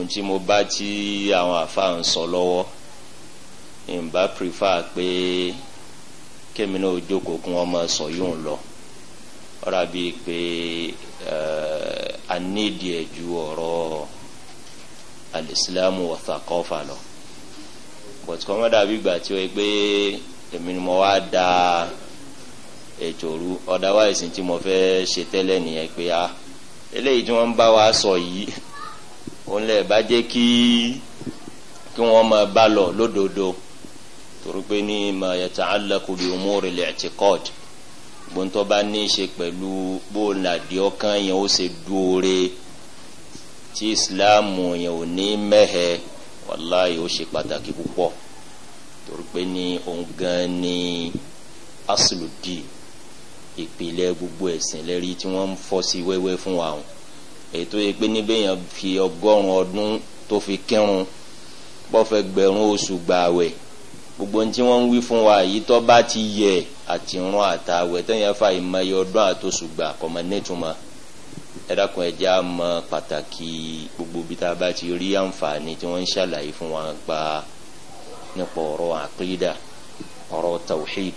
dákun tí mo bá tí àwọn àfáà ń sọ lọ́wọ́ ìbá prefer pé kémi náà jókòó kún ọmọ sọ yóò lọ ọ̀rọ̀ bíi pé eh, anídìí ju ọ̀rọ̀ alìsílámù wọ̀tàkọ́fà lọ but kọ́mọ́ dàbí ìgbà tí ó yẹ pé èmi ni mo wá da ètò òru otherwise tí mo fẹ́ ṣe tẹ́lẹ̀ nìyẹn pé a ah, eléyìí tí wọ́n ń bá wa sọ yìí òun lè bá jẹ́ kí kí wọ́n máa bá lọ lódodo torí pé ní ma yata'allaqu bi umuri al-i'tiqad gbọ́ntọ́ bá ní í ṣe pẹ̀lú bóòlàdì ọkàn yẹn ó ṣe dúore tí ìsìláàmù yẹn ò ní mẹ́hẹ̀ wàláyé ó ṣe pàtàkì púpọ̀ torí ní òun gan ni asludi ìpìlẹ̀ gbogbo ẹ̀sìn lẹ́rí tí wọ́n ń fọ́ sí wẹ́wẹ́ fún wa hàn ètò yìí pé níbẹ̀ yẹn fi ọgọ́rùn ọdún tó fi kírun bọ́fẹ̀ gbẹ̀rún oṣù gbààwẹ̀ gbogbo tí wọ́n ń wí fún wa yìí tó bá ti yẹ àti rún àtàwẹ̀ tẹ́yìn fa ìmọ̀ye ọdún àtòṣùgbà kọ̀mọ̀ nítumọ̀ ẹ dákun ẹ̀jẹ̀ á mọ pàtàkì gbogbo bí tá a bá ti rí àǹfààní tí wọ́n ń ṣàlàyé fún wa gba nípa ọ̀rọ̀ àkídà ọ̀rọ̀ tawhid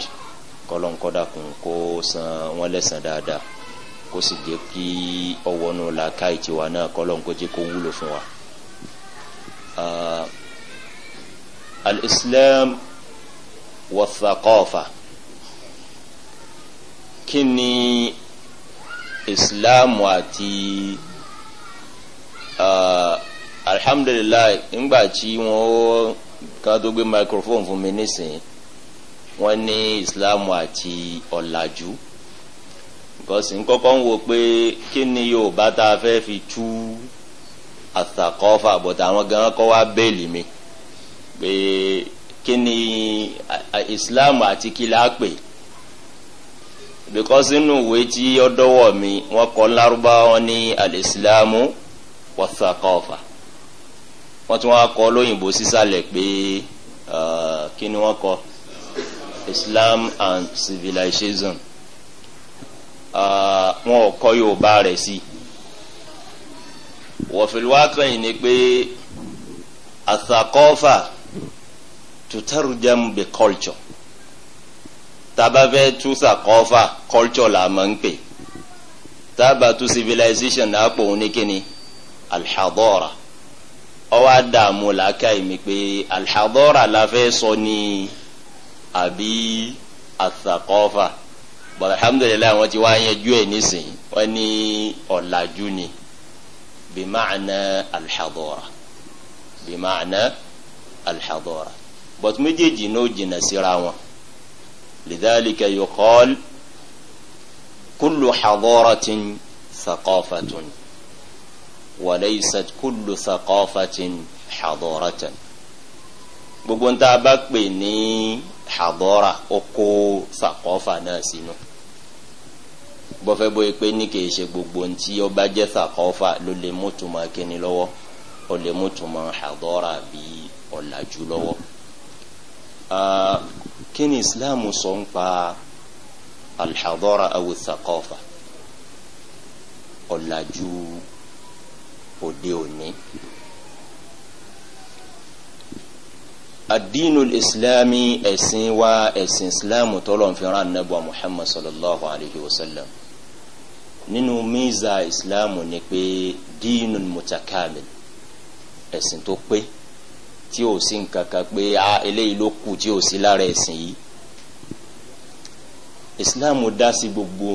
kọ́lọ́ńkọ́dà kó san wọ́n lẹ́sàn dáadáa kó sì jẹ́ kí ọwọ́nu làákà ìtiwa náà kọ́lọ́n kó jẹ́ kó wúlò fún wa. Ah, al-islam kí ni islam àti uh, ah, alhamdulilayi tí wọ́n ká tó gbé microphone fún mi nísìnyí wọ́n ní islam àti ọ̀làjú. Uh, gọ̀sìn kọ́kọ́ ń wo pé kí ni yorùbá tá a fẹ́ fi tú àtàkọ́fà bọ̀tà àwọn gan kọ́ wá bẹ́ẹ̀lì mi pé kí ni islam àti kí la pè bíkọ́sì inú ìwé tí ọdọ́wọ̀ mi wọ́n kọ́ lárúbáwọ́ ní alìsílámù wàtàkọ́fà wọ́n tún wá kọ́ lóyìnbó sísàlẹ̀ pé uh, kí ni wọ́n kọ́ islam and civilization. Ah, wọn ò kọ́ yorùbá rẹ̀ sí wọ̀fìlúwàkẹ́yìn ni pé àtàkọ́fà tutarujam bi culture tabafẹ́ tu sàkọ́fà culture la máa ń pè taba tu civilization náà pò ní kíni alḥadọ́ra ọwọ́ àdààmú làákàyè mi pé alḥadọ́ra la fẹ́ sọ ní àbí àtàkọ́fà. So akbar alhamdulilayi wọn ti wá yanjú ẹ nísìnyí wọn ní ọ̀làjú ni bimaana alḥadọ́ra bimaana alḥadọ́ra bọ́tú méjèèjì ní ó jìnnà síra wọn lidalika yukol kullu xadọ́ratin saqafatun walaysat kullu saqafatin xadọ́ratan gbogbo ń tá bá pè ní xadọ́ra ó saqafa náà sínú. Si no bọ́fẹ́ bóyá pé ní kì í ṣe gbogbo ntí ọba jẹ́ sàkọ́fà ló lè mú tuma kíni lọ́wọ́ ó lè mú tuma àdọ́ra bí ọ̀làjú lọ́wọ́. kí islam sọ ń pa alḥadọ́ra awo sàkọ́fà ọ̀làjú òde òní. الدين الإسلامي أسين وأسين إسلام تولون في ران نبوة محمد صلى الله عليه وسلم nínú miza islam ni pé díínù mutakamil ẹ̀sìn tó pé tí ò sí nǹkan kan pé a eléyìí ló kù tí ò sí lára ẹ̀sìn yìí islam dá sí gbogbo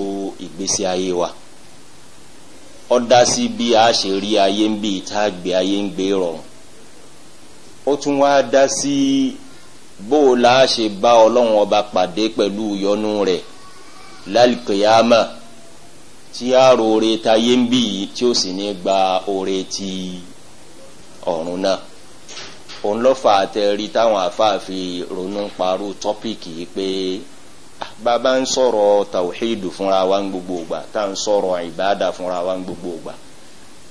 ìgbésí ayé wa ó dá sí bí a ṣe rí ayé ń bí ìta gbé ayé ń gbé rọrùn ó tún wá dá sí bó o la bá ọlọ́run ọba pàdé pẹ̀lú ìyọnu rẹ̀ lálùkìyàmá. La tí a ro oore ta yé ń bì yìí tí ó sì ní gba oore ti ọ̀run náà òun lọ́ fà àtẹ̀rí táwọn àfáàfi ronú parú tọ́pìkì pé bàbá ń sọ̀rọ̀ tàwíìdù fúnra wa ń gbogbo ògbà tá ń sọ̀rọ̀ ìbáàdà fúnra wa ń gbogbo ògbà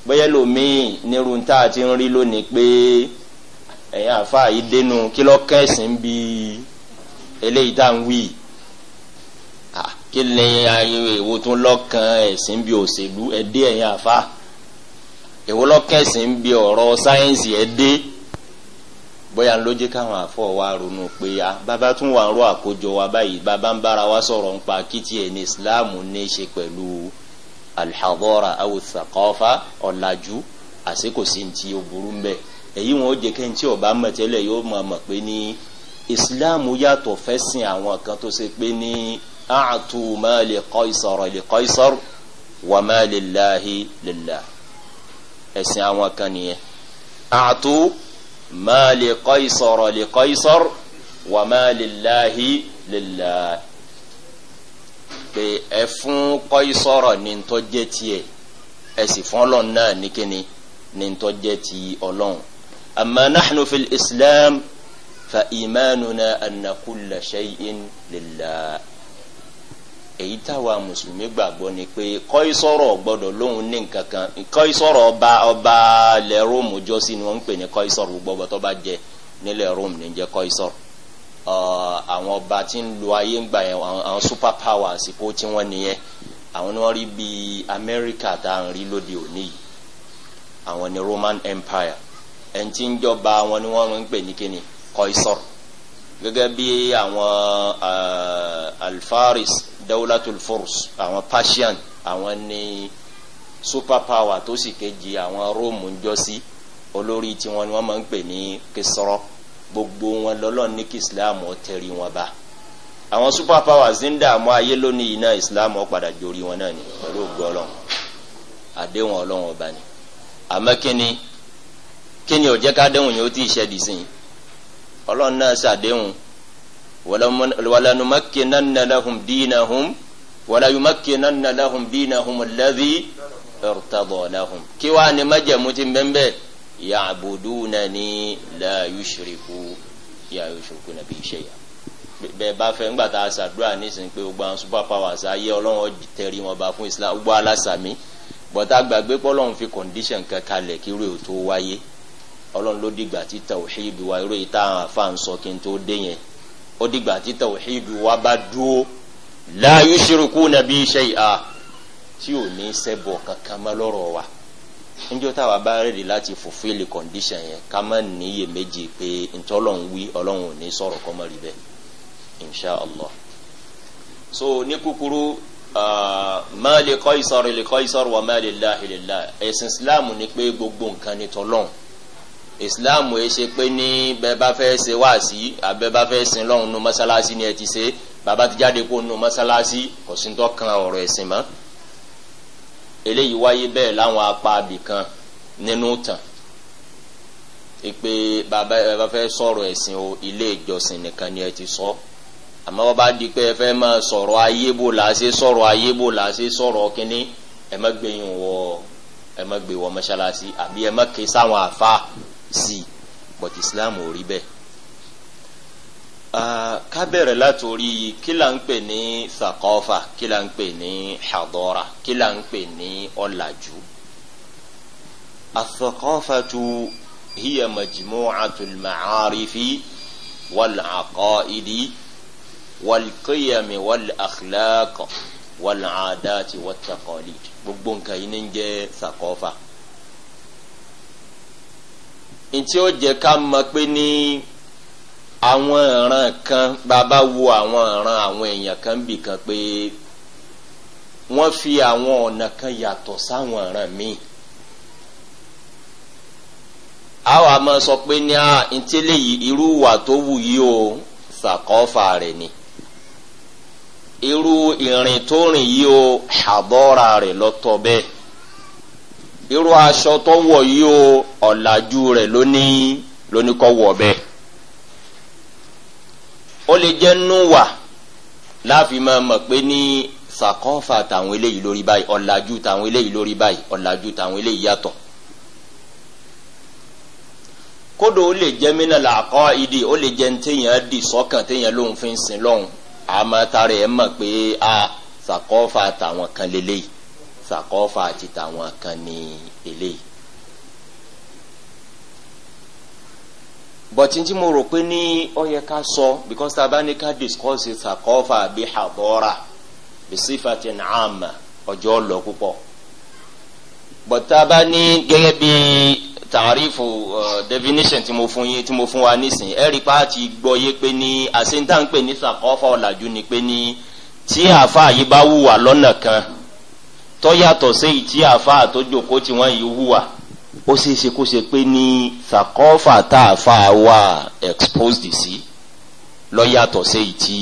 bóyá lòmíì nírú tá a ti ń rí lónìí pé ẹ̀yin àfáà yìí dénú kí lọ́ọ́ kẹ́sìn eléyìí tá ń wí yìí kí lè ariwo èwo tó lọ́kàn ẹ̀sìn bí òṣèlú ẹ̀dẹ́ ẹ̀yìn àfa èwo lọ́kàn ẹ̀sìn bí ọ̀rọ̀ sáyẹ́nsì ẹ̀dẹ́ bóyá lójú káwọn àfọ wa ronú pé a bàbá tún wà ń ró àkójọ wa báyìí bàbá ń bára wa sọ̀rọ̀ ń pa kìtì ẹ̀ ní islam ní í ṣe pẹ̀lú alḥadọ́ra awùsàkọ́fà ọ̀làjú àsìkò sí ti o burú mbẹ èyí wọn ó jẹ kẹ́ tí ọba yóò mọ̀ mọ̀ pé ní yàtọ̀ fẹ́ sin àwọn kan tó ṣe pé ní. أعطوا ما لقيصر لقيصر وما لله لله أسعوا كنية أعطوا ما لقيصر لقيصر وما لله لله بأفن قيصر ننتجتي أسفن لنا نكني ننتجتي ألون أما نحن في الإسلام فإيماننا أن كل شيء لله èyí táwa mùsùlùmí gbàgbọ́ ni pé kọ́ ìsọ̀rọ̀ gbọ́dọ̀ lóhun ní nǹkan kan kọ́ ìsọ̀rọ̀ ọba ọba ilẹ̀ róòmù jọ́sí ni wọ́n ń pè ní kọ́ ìsọ̀rọ̀ gbogbo tó bá jẹ nílẹ̀ róòmù ní jẹ́ kọ́ àwọn ọba tí ń lo ayé ń gbà yẹn àwọn super powers kó tí wọ́n nìyẹn àwọn ni wọ́n rí bí amẹ́ríkà tá à ń rí lóde òní yìí àwọn ni roman empire ẹni tí ń jọba àwọn ni wọ́n ń pè ní kíni kọ́ gẹ́gẹ́ bí àwọn alfaris dawlatul furs àwọn persian àwọn ní super power tó sì kejì àwọn róòmù ń jọ sí olórí tiwọn ni wọn máa ń pè ní kesọrọ gbogbo wọn lọlọrun ní kí islam tẹrí wọn bá àwọn super powers ń dààmú ayé lónìí iná islam padà jórí wọn náà ni pẹlú ògbó ọlọrun àdéhùn ọlọrun ọba ni àmọ kíni kíni ò jẹ ká déhùn yìí ó ti ṣẹdí sí i ọlọrun náà ṣàdéhùn. ولنمكنن لهم دينهم ولا يمكنن لهم دينهم الذي ارتضى لهم كي واني مجا متمبن يعبدونني لا يشركوا يا يشركون بي شيئا bẹẹ bá fẹ ńgbà tá a ṣàdúrà nísìnyí pé gbogbo àwọn super powers ayé ọlọ́run tẹ̀rí wọn bá fún islam gbogbo alásàmì bọ́tà gbàgbé pọ́lọ́run fi condition kan kalẹ̀ kí irú ètò e wáyé ọlọ́run ló dìgbà tí tàwíìdì wa irú ètò e àwọn afáà kí n tó dé yẹn ó dìgbà tí tawhidu wa bá dúró la yushrikuna bi shay'a tí ò ní sẹ́bọ̀ kankan mọ́ lọ́rọ̀ wa níjọ́ táwa bá rèdí láti fulfil condition yẹn ká má níyè méjì pé ntọ́lọ́hún wí ọlọ́hún ò ní sọ̀rọ̀ kọ́ mọ́ rí bẹ́ẹ̀ insha allah so ní kúkúrú uh, máa lè kọ́ ìsọ̀rọ̀ lè kọ́ ìsọ̀rọ̀ wà máa lè láhìlè láhìlè ẹ̀sìn islam ni pé gbogbo nǹkan ni tọ́lọ́hún islam ẹ ṣe pé ní bẹẹ bá fẹ́ ṣe wáàsí àbẹ bá fẹ́ sin lọ́hùn nu mọ́sálásí ni ẹ ti ṣe bàbá ti jáde kó nu mọ́sálásí kò sí tó kan ọ̀rọ̀ ẹ̀sìn mọ́ eléyìí wáyé bẹ́ẹ̀ láwọn apá abìkan nínú tàn ìpè bàbá ẹ bá fẹ́ sọ̀rọ̀ ẹ̀sìn o ilé ìjọsìn nìkan ni ẹ ti sọ àmọ́ wọ́n bá di pé ẹ fẹ́ máa sọ̀rọ̀ ayé bò là á ṣe sọ̀rọ̀ ayé bò là á ṣe sọ̀rọ̀ kínní ẹ má gbẹ̀yìn wọ ẹ má gbé wọ àbí ẹ má ké sáwọn àfa sí but islam ò rí bẹ́ẹ̀. ká bẹ̀rẹ̀ látòrí kí là ń pè ní sàkọ́fà kí là ń pè ní hadọ́ra kí ń pè ní ọ̀làjú. الثقافة هي مجموعة المعارف والعقائد والقيم والأخلاق والعادات والتقاليد gbogbo nǹkan yìí ní ń jẹ́ sàkọ́fà. ntí ó jẹ ká mọ pé ní àwọn ìran kan bàbá wo àwọn ìran àwọn èèyàn kan bì kan pé wọn fi àwọn ọ̀nà kan yàtọ̀ sáwọn ìran míì a wà mọ sọ pé ní a ah, ntí léyìí irú wà tó wù yìí o sàkọ́fà rẹ̀ ni irú ìrìn tó rìn yìí o àbọ̀ra rẹ̀ lọ́tọ̀ bẹ́ẹ̀. irú aṣọ tó wọ̀ yìí o ọ̀làjú rẹ̀ lónìí lónìí kọ́ wọ̀ bẹ́ẹ̀ ó lè jẹ́ núwà láàfin máa mọ̀ pé ní sàkọ́fà tàwọn eléyìí lórí báyìí ọ̀làjú tàwọn eléyìí lórí báyìí ọ̀làjú tàwọn eléyìí yàtọ̀ kódò ó lè jẹ́ mínà làkọ́ ìdí ó lè jẹ́ téèyàn dì sọ́kàn téèyàn lòun fi ń sin lọ́hùn àmọ́ tara ẹ̀ mọ̀ pé a sàkọ́fà tàwọn kan lélẹ́yìí sàkọ́fà àti tàwọn kan ní eléyìí. bọ̀tí tí mo rò pé ní ọ ká sọ because tá a bá ní ká discuss sàkọ́fà bí habora bí sífàtì nàámà ọjọ́ lọ púpọ̀ bọ̀tá bá ní gẹ́gẹ́ bí tàrífù definition tí mo fún yín tí mo fún wa nísìnyí ẹ̀rí pa ti gbọ́ yé pé ní àṣetánpẹ̀ ní sàkọ́fà ọ̀làjú ni pé ní tí àáfàá yìí bá wùwà lọ́nà kan tọ́yàtọ̀ séyìí tí àáfàá tó jókòó tí wọ́n yìí hùwà ó ṣeé ṣe kó ṣe pé ní sàkọ́fà tá àáfàá wà exposed sí lọ́yàtọ̀ séyìí tí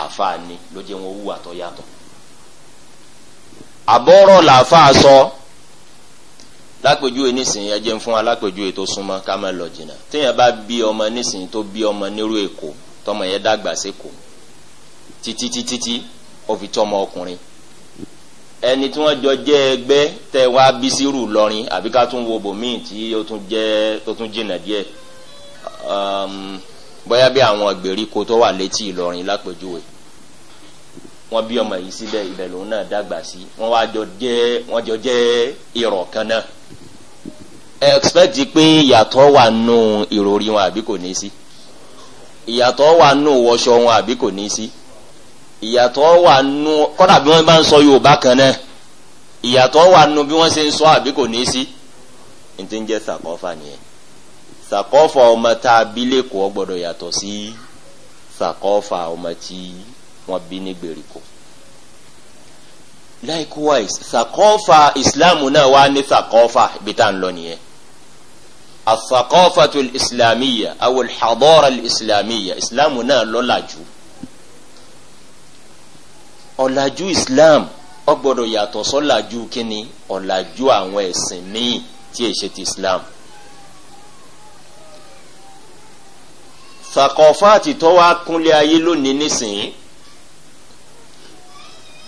àáfàá ni ló jẹ́ wọn hùwà tọ́yàtọ̀ àbọ̀rọ̀ làáfàá sọ lápèjúwe nísìnyí ẹ jẹun fún wa lápèjúwe tó súnmọ́ ká má lọ jìnnà téèyàn bá bí ọmọ nísìnyí tó bí ọmọ nírú èkó tọmọ yẹn dàgbà sí kò títí títí ó fi tọmọ ọkùnrin ẹni tí wọ́n jọ jẹ́ ẹgbẹ́ tẹ wá bísírù lọ́rin àbí ká tún wo bòmíì tí ó tún jẹ́ tó tún jìnà díẹ̀ um, bóyá bí àwọn ìgbèríko tó wà létí ìlọrin lápèjúwe wọ́n bí ọmọ yìí síbẹ̀ ibẹ̀ lòun náà dàgbà sí wọ́n wá jọ jẹ́ wọ́n jọ jẹ́ ìrọ̀ kan náà expect pé ìyàtọ̀ wà nù ìròrí wọn àbí kò ní sí ìyàtọ̀ wà nù wọṣọ wọn àbí kò ní sí. Si ìyàtọ̀ wà nù kọ́dà bí wọ́n bá ń sọ yorùbá kan náà ìyàtọ̀ wà nù bí wọ́n ṣe ń sọ àbí kò ní í sí n ti ń jẹ́ sàkọ́fà nìyẹn sàkọ́fà ọmọ tá a bí lẹ́kọ̀ọ́ gbọ́dọ̀ yàtọ̀ sí sàkọ́fà ọmọ tí wọ́n bí ní gbèríko likewise sàkọ́fà ìsìláàmù náà wà ní sàkọ́fà ibi tá à ń lọ nìyẹn asàkọ́fà tó ìsìlámìyà àwọn ìlhàdọ́rà ìsìlámìyà ìsìláàmù náà lọ́làjú ọ̀làjú islam ó gbọ́dọ̀ yàtọ̀ sọ́làjú kínní ọ̀làjú àwọn ẹ̀sìn míì tí èyí ṣe ti islam. fàkọ̀fáàtì tó wá kúnlẹ̀ ayé lónìí nísìnyí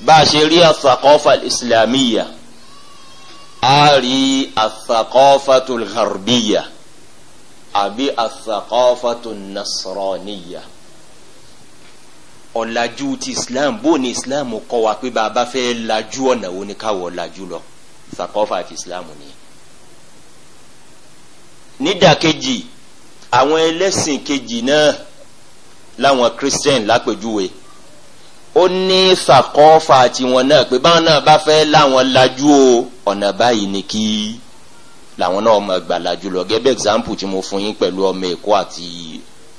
bá a ṣe rí àfàkọ́fà islamiyya a rí àfàkọ́fà tó lharbiya àbí àfàkọ́fà tó nasrọ̀niyya ọ̀làjú ti islam bó ni islam kọ́ wa pé bàbá fẹ́ lajú ọ̀nà wo ni káwọ̀ lajú lọ sàkọ́fà ti islam ni. nídàkejì àwọn ẹlẹ́sìn kejì náà láwọn christian lápèjúwe ó ní sàkọ́fà tiwọn náà pé báwọn náà bá fẹ́ láwọn lajú o ọ̀nà báyìí ni kí làwọn náà ọmọ ẹgbàá lajú lọ gẹ́gẹ́ bí example tí mo fún yín pẹ̀lú ọmọ èkó àti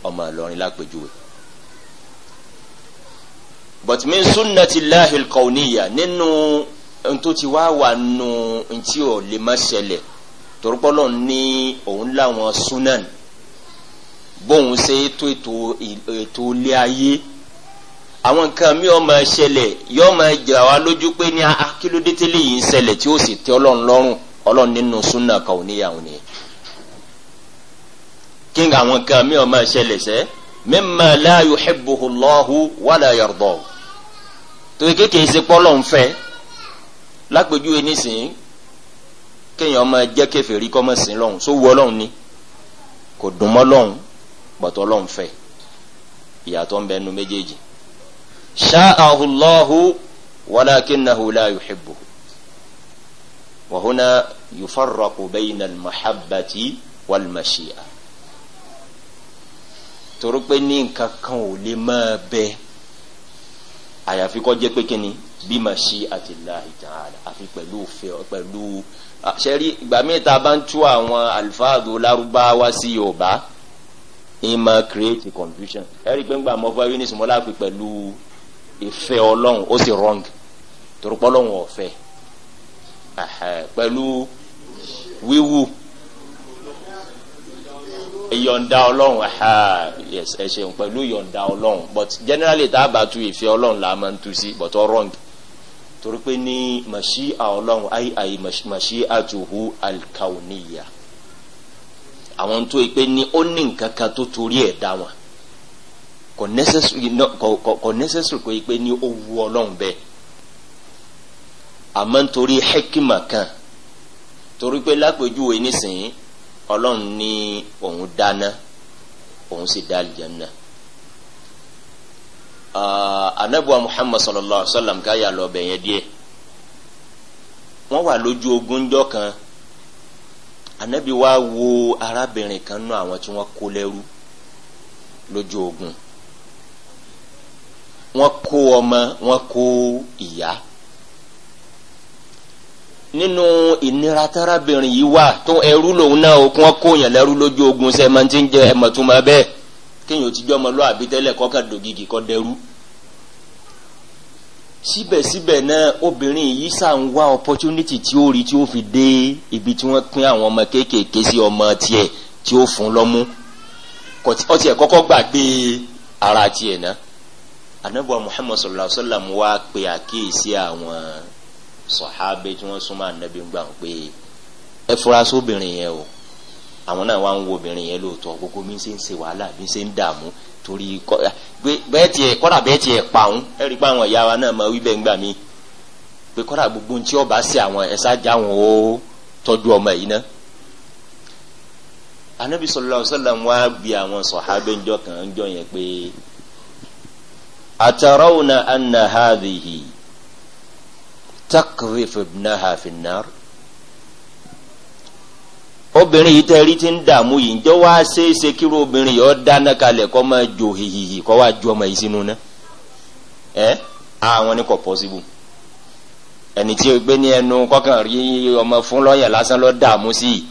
ọmọ ìlọrin lápèjúwe but min sunnati lahi kawniya ninu nto ti wa wa nu nti o le ma sẹlẹ torukpɔlɔ ni òun làwọn sunan bóun ṣe tó ètò ètò ilé ayé àwọn nǹkan mi ò máa ṣẹlẹ̀ yóò máa jà wá lójú pé ní akílódé yìí ń ṣẹlẹ̀ tí ó sì tẹ́ ọlọ́run lọ́rùn ọlọ́run nínú súnà kan ò ni. kí ni àwọn nǹkan mi ò máa ṣẹlẹ̀ sẹ́ mímọ́ láàyò xibbuhu lọ́hu wàlàyàrdọ́hu torí kékeré ṣe pọ́ lọ́n fẹ́ lápèjúwe nísìnyí kéèyàn ọmọ jẹ́ kèfèrí kọ́ mọ̀ sí lọ́hùn só wọ́ lọ́hùn ni kò dùn mọ́ lọ́hùn pọ̀tọ́ lọ́hùn fẹ́ ìyàtọ̀ ń bẹ nu méjèèjì sha'ahu Allahu walakinahu la yuhibbu wa huna yufarraqu bayna al-mahabbati wal-mashi'a torí pé ní nǹkan àyàfi kọ́ jẹ́ pé kíni bí mà ṣí àti láì tààlà àfi pẹ̀lú òfin pẹ̀lú sẹ́rí ìgbà míì tá a bá ń tú àwọn àlùfáàdù lárúbáwá sí yorùbá ìmọ̀ create confusion ẹ̀rí pé ńgbà mọ́ fún ẹ̀rí sùnmọ́ láàpì pẹ̀lú ìfẹ́ ọlọ́run ó sì wrong torúpọ́ ọlọ́run ọ̀fẹ́ pẹ̀lú wíwù. Uh ìyọ̀ǹda ọlọ́run ẹ ṣeun pẹ̀lú ìyọ̀ǹda ọlọ́run but generally tá a bá tu ìfẹ́ ọlọ́run là á máa ń tu sí but ọ wrong torí pé ní màṣí ọlọ́run ayi ayi màṣí àtúhù alkaoniya àwọn tó yìí pé ní ó ní nǹkan kan tó torí ẹ̀ dá wọn kò necessary kò necessary kò yìí pé ní ó wu ọlọ́run bẹ́ẹ̀ àmọ́ nítorí hekima kan torí pé lápèjúwe nísìnyí. ọlọ́run ní òun dáná òun sì dá àlìjánná. anabuwa muhammad sallallahu alaihi wa sallam káyà lọ bẹ̀yẹn díẹ̀ wọ́n wà lójú ogúnjọ́ kan anabi wa wo arábìnrin kan nú àwọn tí wọ́n kó lẹ́rú lójú ogun wọ́n kó ọmọ wọ́n kó ìyá. nínú ìnira tárábìnrin yìí wà tó ẹrú lòun náà o kí wọn kó yàn lẹrú lójú ogun ṣe máa ti ń jẹ ẹmọtúmọ bẹẹ kéèyàn ti jọmọ lọ àbí kọkà dògìgì kọ dẹrú. síbẹ̀síbẹ̀ náà obìnrin yìí sàn wá opportunity tí ó rí tí ó fi dé ibi tí wọ́n pín àwọn ọmọ kéékèèké sí ọmọ tiẹ̀ tí ó fún lọ́mú ọtí ẹ̀ kọ́kọ́ gbàgbé ara tiẹ̀ náà anabuwa muhammadu sallallahu alaihi wa sallam wá pe àkíyèsí àwọn sọ̀hábẹ́ tí wọ́n súnmọ́ ànábì ń gbà ń pé ẹ fura sóbìnrin yẹn o àwọn náà wá ń wo obìnrin yẹn lóòótọ́ gbogbo mi ṣe ń ṣe wàhálà mi ṣe ń dààmú torí ah, bẹ́ẹ̀ tiẹ̀ kọ́dà bẹ́ẹ̀ tiẹ̀ pa òun ẹ rí i àwọn ìyá wa náà máa wí bẹ́ẹ̀ ń gbà mí pé kọ́dà gbogbo tí ọba ṣe àwọn ẹ̀ṣá já wọn ó tọ́jú ọmọ yìí ná. anabi sọlá ọsọlá wa bi àwọn sọ̀hábẹ́ ńjọ kan ńjọ yẹn pé àtàràwùnà anna hadhihi takdhif ابنها في النار، obìnrin yìí tẹ́ rí ti ń dààmú yìí ǹjọ́ wá ṣeéṣe kí irú obìnrin yìí ó dáná kalẹ̀ kó máa jò hìhìhì kó wá ju ọmọ yìí sínú náà ẹ àwọn ni kò pọ́sibú ẹni tí o gbé ní ẹnu kọ́kàn rí ọmọ fún lọ́yàn lásán lọ́ dààmú sí i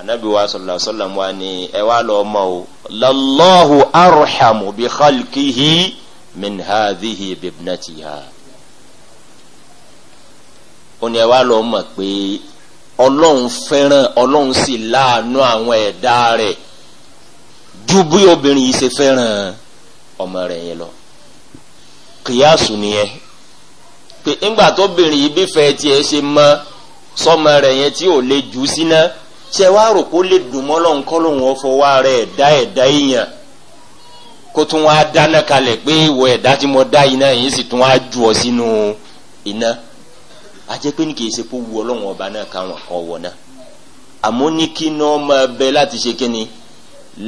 anabi wa sallallahu alaihi wa ni ẹ wá lọ ọmọ o lallahu arhamu bi khalqihi min hadhihi bibnatiha ó ní ẹ wá lọ mọ̀ pé ọlọ́run fẹ́ràn ọlọ́run sì láàánú àwọn ẹ̀dá rẹ̀ ju bí obìnrin yìí ṣe fẹ́ràn ọmọ rẹ̀ yẹn lọ kìyàsù nìyẹn pé ńgbà tóbìnrin yìí bí fẹ́ tiẹ̀ ṣe mọ sọmọ rẹ̀ yẹn tí ò lè jù síná ṣe wá rò kó lè dùn mọ́ lọ́hùn kọ́ lòun ọ̀fọ̀ wá rẹ̀ ẹ̀dá ẹ̀dá èèyàn kó tún wá dáná kalẹ̀ pé ìwọ ẹ̀dá tí mo dá iná yìí sì tún wá jù ọ sínú iná. No ajẹ́ pé ní kì í ṣe pé wu ọlọ́run ọba náà káwọn kan wọ̀ náà àmọ́ ní kí náà máa bẹ láti ṣe kíni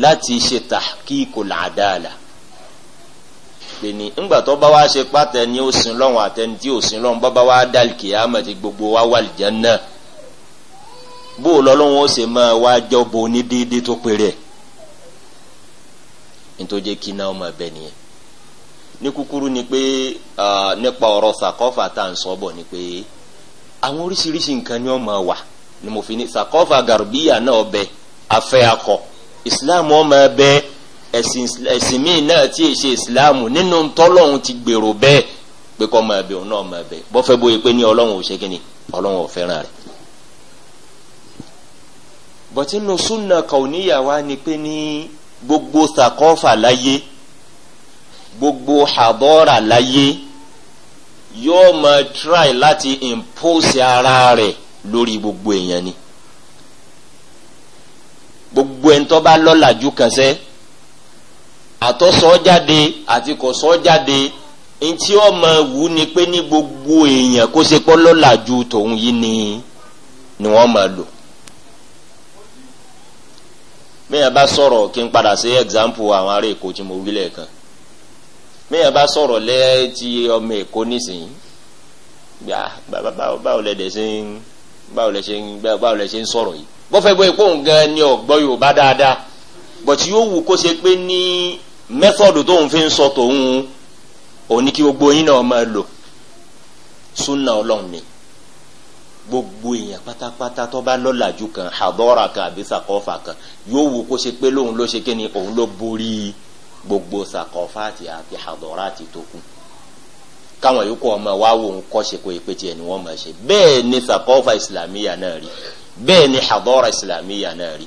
láti ṣe tahqiqu al-adala pé ní ńgbà bá wá ṣe pátẹ ní òsín lọ́wọ́n àtẹni tí òsín lọ́wọ́n bá bá wá dàlùkì àmọ̀tí gbogbo wa wà al-janna bó o lọ́lọ́wọ́n ó ṣe máa wá jọ́bo ní déédéé tó péré nítorí kí náà máa nìyẹn ní kúkúrú ni pé nípa ọ̀rọ̀ sàkọ́fà tá à ń sọ bọ̀ ni pé àwọn oríṣiríṣi nǹkan ni wọ́n máa wà ni mo fi ní sakofa garbiya náà bẹ afẹ́ akọ islam wọn máa bẹ ẹ̀sìn míì náà tí ì ṣe islam nínú tọ́lọ́hún ti gbèrò bẹ́ẹ̀ pé kọ́ máa bẹ òun náà máa bẹ bọ́fẹ́ bóyá pé ní ọlọ́run ò ṣe kí ni ọlọ́run ò fẹ́ràn rẹ̀ bọ̀tí nù súnà kàwníyà wa ni pé ní gbogbo sakofa láyé gbogbo hadọ́ra láyé yóò máa try láti impose ara rẹ̀ lórí gbogbo èèyàn ni gbogbo ẹni tó bá lọ́làjú kan sẹ́ àtọ́sọ́jáde àti kọ̀sọ́jáde ntí ọmọ wù ni pé ní gbogbo èèyàn kó ṣe pọ́ lọ́làjú tòun yìí ni ni wọ́n máa lò bẹ́ẹ̀ bá sọ̀rọ̀ kí n padà sí example àwọn ará èkó tí mo wí lẹ́ẹ̀kan mẹ́yàn bá sọ̀rọ̀ lẹ́yìn tí ọmọ èkó nísìnyí gbà báwo lẹ dẹ̀ ṣe ń báwo lẹ ṣe ń báwo lẹ ṣe ń sọ̀rọ̀ yìí bọ́fẹ́ bọ́ èkó nǹkan ni ọ̀gbọ́ yorùbá dáadáa bọ̀tí yóò wù kó ṣe pé ní mẹ́tọ̀dù tóun fi ń sọ tòun òní kí gbogbo yín náà máa lò súnà ọlọ́run ni gbogbo èèyàn pátápátá tó bá lọ́làjú kan àbọ̀rà kan àbí sàkọ́fà kan yóò wù kó ṣe pé lóun ló ṣe kí ni òun ló borí i gbogbo sakọfáàtì àti hadọ́ráàtì tó kù káwọn yòókù ọmọ wa wo ń kọ́ṣe kó epe tiẹ̀ ni wọ́n máa ṣe bẹ́ẹ̀ ni sakọfa islamiyya náà rí bẹ́ẹ̀ ni hadora islamiyya náà rí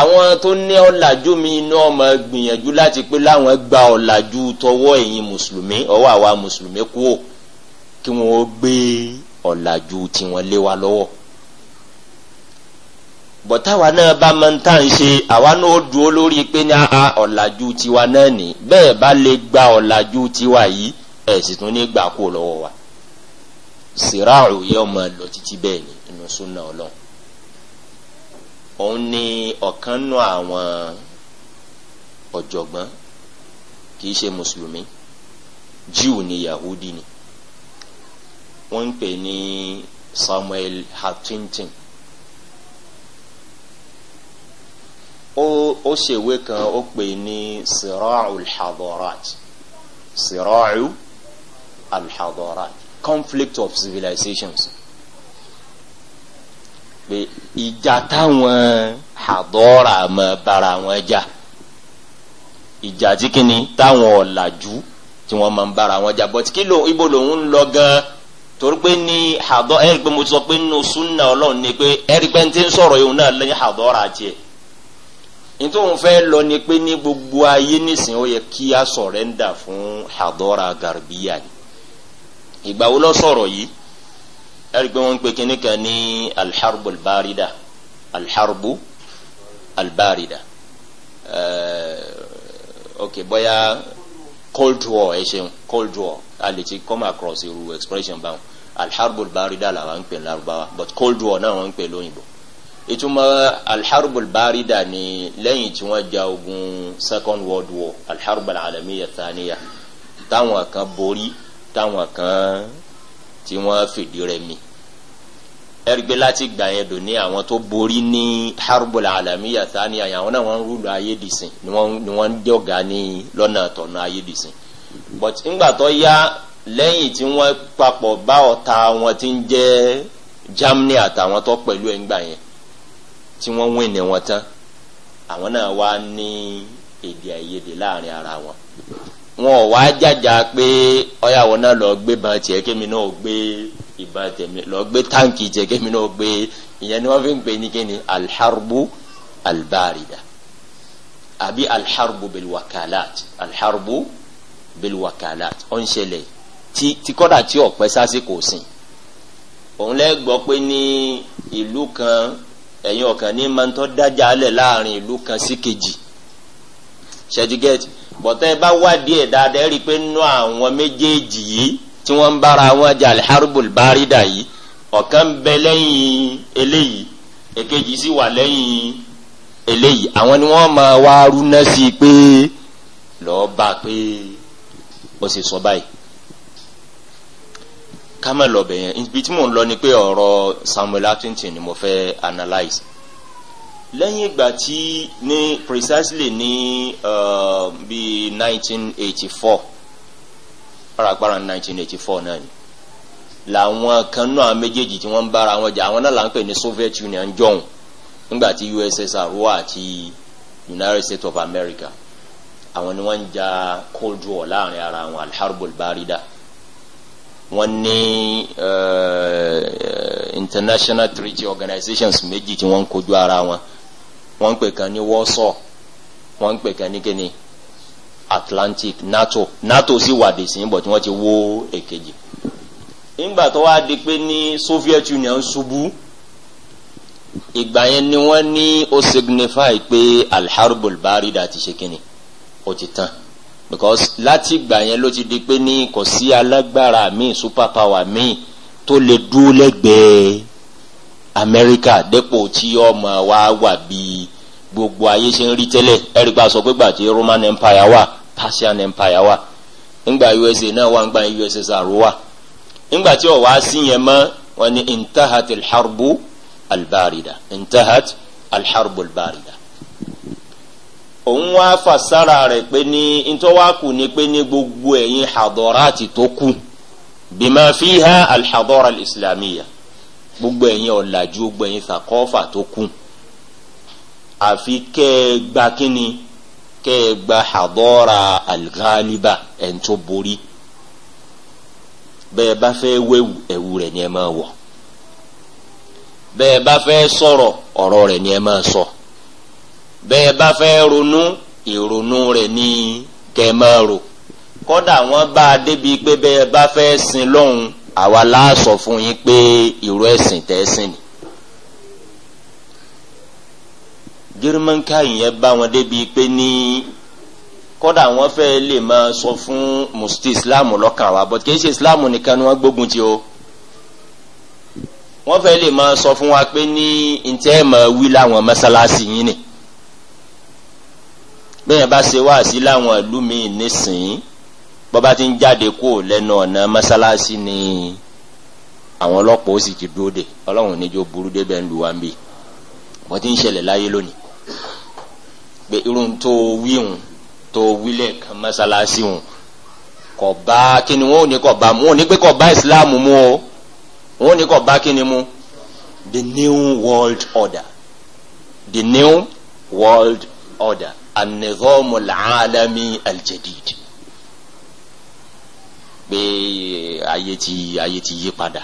àwọn tó ní ọ̀làjú mi iná ọmọ gbìyànjú láti pé láwọn gba ọ̀làjú tọwọ́ ẹ̀yin mùsùlùmí ọwọ́ àwa mùsùlùmí kú ò kí wọ́n gbé ọ̀làjú tiwọn lé wa lọ́wọ́ bọ̀táwa náà bá máa ń tà ń ṣe àwa náà dúró lórí pé ní a ọ̀làjú tiwa náà nì bẹ́ẹ̀ bá lè gba ọ̀làjú tiwa yìí ẹ̀ sì tún ní gbà kó lọ́wọ́ wa sìráàrù yẹ ọmọ lọ títí bẹ́ẹ̀ ni inú súnà ọlọ́run òun ni ọ̀kan nù àwọn ọ̀jọ̀gbọ́n kì í ṣe mùsùlùmí jíù ni yahudi ni wọ́n ń pè ní samuel huntington ó ṣèwé kan ó pè ní siraacu alḥadorat siraacu alḥadorat conflict of civilizations pé ìjà táwọn hadora mọ bara wọn jà ìjà tí kìíní táwọn ọ̀làjú tí wọ́n máa ń bára wọn jà bọ́tí kí ló ibo lòun ń lọ gan-an torí pé ní hadọ́ ẹ̀rí pé mo sọ pé nínú súnà ọlọ́run ni pé ẹ̀rí pé ń ti sọ̀rọ̀ yòówù náà lẹ́yìn hadọ́ra tiẹ̀ nítorí fẹ́ lọ ni pé ní gbogbo ayé nísìnyí ó yẹ kí a sọ̀rẹ́ndà fún hadora garbiya ni ìgbà wo lọ sọ̀rọ̀ yìí ẹ̀rí pé wọ́n ń pe kínní kan ní alḥarbu albarida alḥarbu albarida uh, ok bóyá cold war ẹ ṣeun cold war a lè ti come across irú expression báwọn alḥarbu albarida làwọn ń pè lárúbáwá but cold war náà wọ́n ń pè lóyìnbó ìtumọ̀ alḥarbul barida ni lẹ́yìn tí wọ́n ja ogun second world war alḥarbul alamiya taniya táwọn kan borí táwọn kan tí wọ́n fìdí rẹ̀ mi ẹ̀rígbé láti gbà yẹn dò ní àwọn tó borí ní harbul alamiya taniya yẹn àwọn náà wọ́n ń rúlu ayédìsìn ni wọ́n ń jọ̀gá ní lọ́nà tọ̀nà ayédìsìn but ńgbà tó yá lẹ́yìn tí wọ́n papọ̀ bá ọ̀ta wọn ti ń jẹ́ germany àtàwọn tó pẹ̀lú ẹ̀ ńgbà yẹn tí wọ́n wí ni wọ́n tán àwọn náà wá ní èdè àìyedè láàrin ara wọn wọn ò wá jàjà pé ọyàwó náà lọ gbé ban tiẹ̀ kémi náà gbé ìbọn tẹ̀mí lọ gbé táǹkì tiẹ̀ kémi náà gbé ìyẹn ni wọ́n fi ń pè ní kíni alḥarbu albarida àbí alḥarbu bilwakalat alḥarbu bilwakalat ó ń ṣẹlẹ̀ tí tí kọ́dà tí ọ̀pẹ́ sásìkò sìn òun lẹ́ gbọ́ pé ní ìlú kan ẹ̀yin ọ̀kan ní máa ń tọ́ dájà lẹ̀ láàrin ìlú kan sí kejì ṣẹ́dígẹ́tì bọ̀tẹ́ ẹ bá wádìí ẹ̀ dáadáa ẹ rí i pé nínú àwọn méjèèjì yìí tí wọ́n ń bára wọn jà alḥarbul bárida yìí ọ̀kan ń bẹ lẹ́yìn eléyìí èkejì sì wà lẹ́yìn eléyìí àwọn ni wọ́n máa wá rúná sí i pé lọ́ọ́ bá a pé ó sì sọ báyìí. Kama lọ́bẹ̀ yẹn ibi mo mò ni pé ọ̀rọ̀ samuel atuntin ni mo fẹ́ analyse lẹ́yìn ìgbà tí ní precisely ní uh, bíi 1984 parapara 1984 náà ni làwọn kan náà méjèèjì tí wọ́n ń bára wọn jà àwọn náà là ń pè ní soviet union jọ̀hún nígbà tí ussr wà àti united states of america àwọn ni wọ́n ń ja cold war láàrin ara wọn alharbul barida wọ́n ní international treaty organizations méjì tí wọ́n ń kojú ara wọn wọ́n ń pè kan ní warsaw wọ́n ń pè kan ní kíni atlantic nato nato sì wà dé sìn bọ̀ tí wọ́n ti wó èkejì nígbà tó wá di pé ní soviet union ṣubú ìgbà yẹn ni wọ́n ní ó signify pé alharbul barida ti ṣe kíni ó ti tán because láti gbà yẹn ló ti di pé ní kò sí alágbára mi super power mi tó lè dúró lẹ́gbẹ̀ẹ́ amẹ́ríkà dépò tí ọmọ wa wà bíi gbogbo ayé ṣe ń rí tẹ́lẹ̀ ẹ̀rí gba sọ pé gbà tí roman empire wà persian empire wà ńgbà usa náà wà ńgbà ussr wà ńgbà tí ọ̀ wá sí yẹn mọ́ wọn ni intahat alharbu albarida intahat alharbu albarida òun wá fàṣàrà rẹ̀ pé ní ntọ́wákù ni pé ní gbogbo ẹ̀yin hadorati tó kù bímọ fíhá alḥadọ́ra islamiyya gbogbo ẹ̀yin ọ̀làjú gbogbo ẹ̀yin fàkọ́fà tó kù àfi kẹ́ ẹ gba kínni kẹ́ ẹ gba hadọ́ra alghaliba ẹ̀ ń tó borí bẹ́ẹ̀ bá fẹ́ wéwu ẹ̀wù rẹ̀ ni ẹ máa wọ̀ bẹ́ẹ̀ bá fẹ́ sọ̀rọ̀ ọ̀rọ̀ rẹ̀ ni ẹ máa sọ bẹ́ẹ̀ bá fẹ́ ronú ìrònú rẹ̀ ní kẹmẹ́rò kódà wọ́n bá a débi pé bẹ́ẹ̀ bá fẹ́ sin lọ́hùn àwa láàsọ fún yín pé irú ẹ̀sìn tẹ́sìn ni. gírímọ́ńkà yẹn bá wọn débi pé ní kódà wọ́n fẹ́ lè máa sọ fún mùsùlùmí islam lọ́kàn wa bọ́t kì í ṣe islam nìkan ni wọ́n gbógun ti o wọ́n fẹ́ lè máa sọ fún wa pé ní ntẹ́ máa wí láwọn mọ́sálásí yín ni bẹ́ẹ̀ bá ṣe wá sí láwọn ìlú míì nísìnyí bọ́bá ti ń jáde kó lẹ́nu ọ̀nà mọ́sálásí ni àwọn ọlọ́pàá ó sì ti dúró dè ọlọ́run níjó burú débẹ̀ ń lu wa ń bì wọ́n ti ń ṣẹlẹ̀ láyé lónìí pé irun tó wíhun tó wílẹ̀ kan mọ́sálásí hùn kọ̀ bá kíni wọn ò ní kọ̀ bá mu wọn ò ní pé kọ̀ bá ìsìláàmù mu o wọn ò ní kọ̀ bá kíni mu the new world order the new world order an-nizam al-alami al-jadid pé ayé ti ayé ti yí padà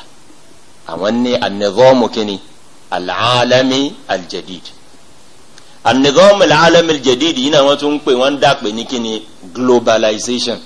àwọn ní an-nizam kínní al-alami al-jadid an-nizam al-alami al-jadid yìí náà wọ́n tún ń pè wọ́n ń dà pé ní kínní globalization.